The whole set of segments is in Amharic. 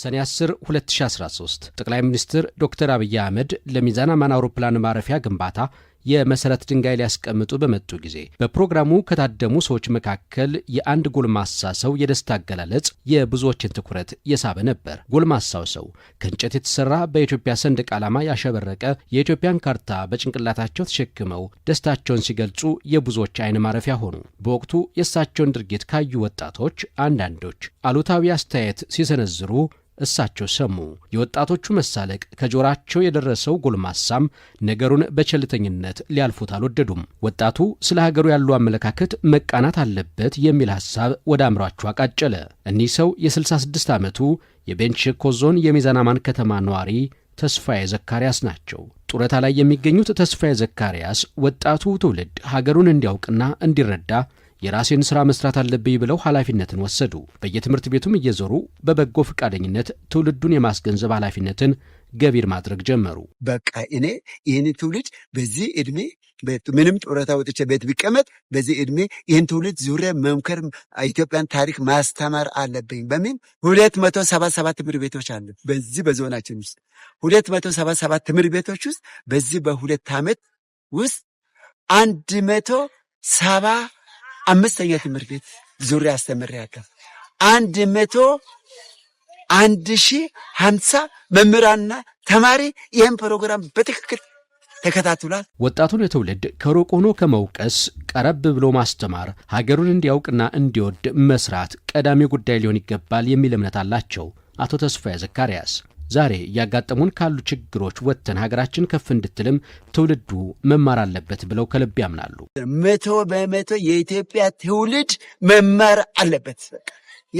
ሰኔ 10 2013 ጠቅላይ ሚኒስትር ዶክተር አብይ አህመድ ለሚዛን አማን አውሮፕላን ማረፊያ ግንባታ የመሰረት ድንጋይ ሊያስቀምጡ በመጡ ጊዜ በፕሮግራሙ ከታደሙ ሰዎች መካከል የአንድ ጎልማሳ ሰው የደስታ አገላለጽ የብዙዎችን ትኩረት የሳበ ነበር። ጎልማሳው ሰው ከእንጨት የተሰራ በኢትዮጵያ ሰንደቅ ዓላማ ያሸበረቀ የኢትዮጵያን ካርታ በጭንቅላታቸው ተሸክመው ደስታቸውን ሲገልጹ የብዙዎች አይን ማረፊያ ሆኑ። በወቅቱ የእሳቸውን ድርጊት ካዩ ወጣቶች አንዳንዶች አሉታዊ አስተያየት ሲሰነዝሩ እሳቸው ሰሙ። የወጣቶቹ መሳለቅ ከጆራቸው የደረሰው ጎልማሳም ነገሩን በቸልተኝነት ሊያልፉት አልወደዱም። ወጣቱ ስለ ሀገሩ ያለው አመለካከት መቃናት አለበት የሚል ሀሳብ ወደ አእምሯቸው አቃጨለ። እኒህ ሰው የ66 ዓመቱ የቤንች ሸኮ ዞን የሚዛን አማን ከተማ ነዋሪ ተስፋዬ ዘካርያስ ናቸው። ጡረታ ላይ የሚገኙት ተስፋዬ ዘካርያስ ወጣቱ ትውልድ ሀገሩን እንዲያውቅና እንዲረዳ የራሴን ስራ መስራት አለብኝ ብለው ኃላፊነትን ወሰዱ። በየትምህርት ቤቱም እየዞሩ በበጎ ፈቃደኝነት ትውልዱን የማስገንዘብ ኃላፊነትን ገቢር ማድረግ ጀመሩ። በቃ እኔ ይህን ትውልድ በዚህ ዕድሜ ምንም ጡረታ ወጥቼ ቤት ቢቀመጥ በዚህ ዕድሜ ይህን ትውልድ ዙሪያ መምከር፣ ኢትዮጵያን ታሪክ ማስተማር አለብኝ በሚል ሁለት መቶ ሰባ ሰባት ትምህርት ቤቶች አሉ በዚህ በዞናችን ውስጥ ሁለት መቶ ሰባ ሰባት ትምህርት ቤቶች ውስጥ በዚህ በሁለት ዓመት ውስጥ አንድ መቶ ሰባ አምስተኛ ትምህርት ቤት ዙሪያ አስተምር ያቀፍ አንድ መቶ አንድ ሺህ ሀምሳ መምህራንና ተማሪ ይህን ፕሮግራም በትክክል ተከታትሏል። ወጣቱን የትውልድ ከሩቅ ሆኖ ከመውቀስ ቀረብ ብሎ ማስተማር ሀገሩን እንዲያውቅና እንዲወድ መስራት ቀዳሚ ጉዳይ ሊሆን ይገባል የሚል እምነት አላቸው አቶ ተስፋዬ ዘካርያስ። ዛሬ እያጋጠሙን ካሉ ችግሮች ወጥተን ሀገራችን ከፍ እንድትልም ትውልዱ መማር አለበት ብለው ከልብ ያምናሉ። መቶ በመቶ የኢትዮጵያ ትውልድ መማር አለበት።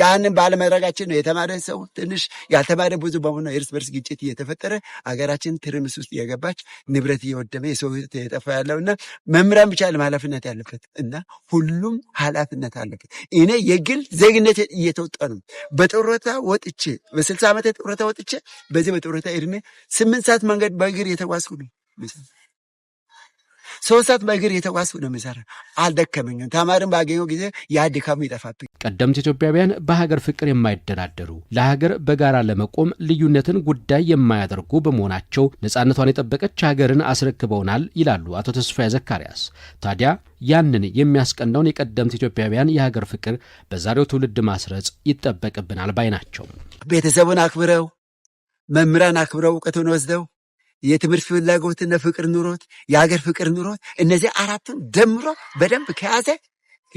ያንን ባለመድረጋችን ነው የተማረ ሰው ትንሽ ያልተማረ ብዙ በመሆኑ የእርስ በርስ ግጭት እየተፈጠረ አገራችን ትርምስ ውስጥ የገባች ንብረት እየወደመ የሰው ህይወት የጠፋ ያለው እና መምህራን ብቻ ኃላፊነት ያለበት እና ሁሉም ኃላፊነት አለበት። እኔ የግል ዜግነት እየተወጣ ነው። በጡረታ ወጥቼ በስልሳ ዓመት ጡረታ ወጥቼ በዚህ በጡረታ እድሜ ስምንት ሰዓት መንገድ በእግር የተጓዝኩ ነው። ሶስት ሰዓት በእግር የተጓዝኩ ነው የምሰራ። አልደከመኝም። ተማሪም ባገኘው ጊዜ ያ ድካሙ ይጠፋብኝ። ቀደምት ኢትዮጵያውያን በሀገር ፍቅር የማይደራደሩ ለሀገር በጋራ ለመቆም ልዩነትን ጉዳይ የማያደርጉ በመሆናቸው ነፃነቷን የጠበቀች ሀገርን አስረክበውናል ይላሉ አቶ ተስፋዬ ዘካሪያስ። ታዲያ ያንን የሚያስቀናውን የቀደምት ኢትዮጵያውያን የሀገር ፍቅር በዛሬው ትውልድ ማስረጽ ይጠበቅብናል ባይ ናቸው። ቤተሰቡን አክብረው መምህራን አክብረው እውቀቱን ወስደው የትምህርት ፍላጎትና ፍቅር ኑሮት፣ የሀገር ፍቅር ኑሮት፣ እነዚህ አራቱን ደምሮ በደንብ ከያዘ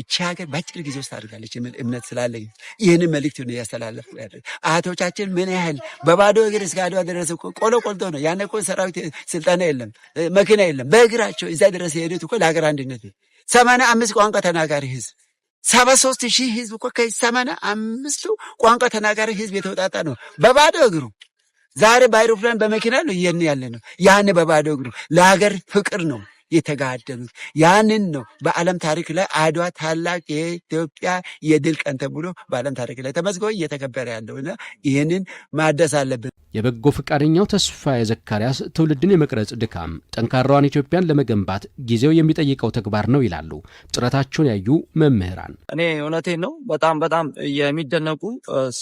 እቺ ሀገር በአጭር ጊዜ ውስጥ አድርጋለች የሚል እምነት ስላለኝ ይህንን መልእክት ነው እያስተላለፍ ያለ። አያቶቻችን ምን ያህል በባዶ እግር እስከ አድዋ ደረሰ ቆሎ ቆልቶ ነው። ያኔ እኮ ሰራዊት ስልጠና የለም መኪና የለም። በእግራቸው እዛ ድረስ የሄዱት እኮ ለሀገር አንድነት ሰማንያ አምስት ቋንቋ ተናጋሪ ህዝብ ሰባ ሶስት ሺህ ህዝብ እኮ ከሰማንያ አምስቱ ቋንቋ ተናጋሪ ህዝብ የተውጣጣ ነው በባዶ እግሩ ዛሬ በአይሮፕላን በመኪና ነው እየን ያለ ነው። ያን በባዶ እግሩ ለሀገር ፍቅር ነው የተጋደሉት። ያንን ነው በዓለም ታሪክ ላይ አድዋ ታላቅ የኢትዮጵያ የድል ቀን ተብሎ በዓለም ታሪክ ላይ ተመዝግቦ እየተከበረ ያለውና ይህንን ማደስ አለብን። የበጎ ፈቃደኛው ተስፋዬ ዘካርያስ ትውልድን የመቅረጽ ድካም ጠንካራዋን ኢትዮጵያን ለመገንባት ጊዜው የሚጠይቀው ተግባር ነው ይላሉ ጥረታቸውን ያዩ መምህራን። እኔ እውነቴን ነው በጣም በጣም የሚደነቁ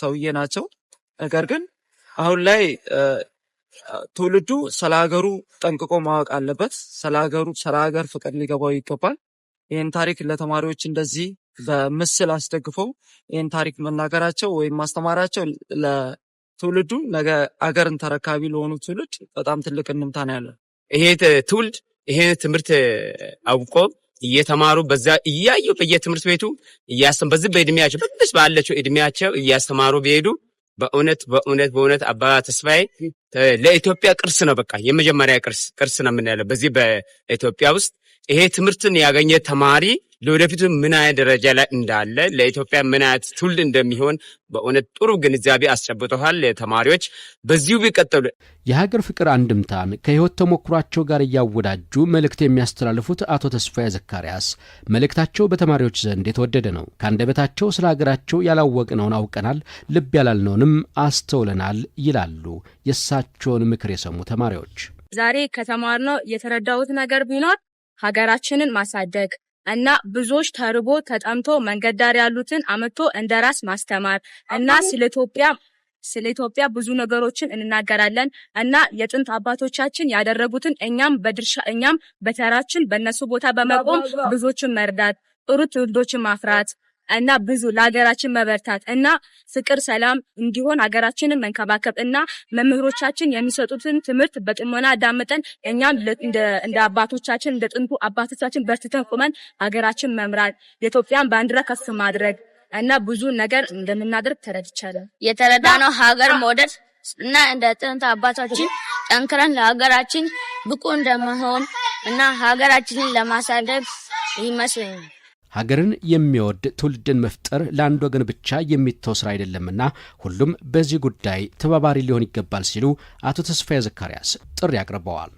ሰውዬ ናቸው። ነገር ግን አሁን ላይ ትውልዱ ስለ ሀገሩ ጠንቅቆ ማወቅ አለበት። ስለ ሀገሩ ስለ ሀገር ፍቅር ሊገባው ይገባል። ይህን ታሪክ ለተማሪዎች እንደዚህ በምስል አስደግፈው ይህን ታሪክ መናገራቸው ወይም ማስተማራቸው ለትውልዱ ነገ አገርን ተረካቢ ለሆኑ ትውልድ በጣም ትልቅ እንምታ ነው ያለ ይሄ ትውልድ ይሄን ትምህርት አውቆ እየተማሩ በዛ እያየው በየትምህርት ቤቱ እያስ በዚህ በእድሜያቸው በትንሽ ባለችው እድሜያቸው እያስተማሩ ቢሄዱ በእውነት በእውነት በእውነት አባ ተስፋዬ ለኢትዮጵያ ቅርስ ነው። በቃ የመጀመሪያ ቅርስ ቅርስ ነው የምንለው በዚህ በኢትዮጵያ ውስጥ ይሄ ትምህርትን ያገኘ ተማሪ ለወደፊቱ ምን አይነት ደረጃ ላይ እንዳለ ለኢትዮጵያ ምን አይነት ትውልድ እንደሚሆን በእውነት ጥሩ ግንዛቤ አስጨብጠዋል። ተማሪዎች በዚሁ ቢቀጥሉ። የሀገር ፍቅር አንድምታን ከህይወት ተሞክሯቸው ጋር እያወዳጁ መልእክት የሚያስተላልፉት አቶ ተስፋዬ ዘካርያስ መልእክታቸው በተማሪዎች ዘንድ የተወደደ ነው። ከአንደበታቸው ስለ ሀገራቸው ያላወቅነውን አውቀናል፣ ልብ ያላልነውንም አስተውለናል ይላሉ የእሳቸውን ምክር የሰሙ ተማሪዎች። ዛሬ ከተማርነው የተረዳሁት ነገር ቢኖር ሀገራችንን ማሳደግ እና ብዙዎች ተርቦ ተጠምቶ መንገድ ዳር ያሉትን አመቶ እንደ ራስ ማስተማር እና ስለ ኢትዮጵያ ስለ ኢትዮጵያ ብዙ ነገሮችን እንናገራለን እና የጥንት አባቶቻችን ያደረጉትን እኛም በድርሻ እኛም በተራችን በእነሱ ቦታ በመቆም ብዙዎችን መርዳት ጥሩ ትውልዶችን ማፍራት እና ብዙ ለሀገራችን መበርታት እና ፍቅር ሰላም እንዲሆን ሀገራችንን መንከባከብ እና መምህሮቻችን የሚሰጡትን ትምህርት በጥሞና አዳምጠን እኛም እንደ አባቶቻችን እንደ ጥንቱ አባቶቻችን በርትተን ቁመን ሀገራችን መምራት የኢትዮጵያን ባንዲራ ከፍ ማድረግ እና ብዙ ነገር እንደምናደርግ ተረድቻለሁ። የተረዳነው ሀገር መውደድ እና እንደ ጥንት አባቶችን ጠንክረን ለሀገራችን ብቁ እንደመሆን እና ሀገራችንን ለማሳደግ ይመስለኛል። ሀገርን የሚወድ ትውልድን መፍጠር ለአንድ ወገን ብቻ የሚተው ስራ አይደለምና ሁሉም በዚህ ጉዳይ ተባባሪ ሊሆን ይገባል ሲሉ አቶ ተስፋዬ ዘካርያስ ጥሪ አቅርበዋል።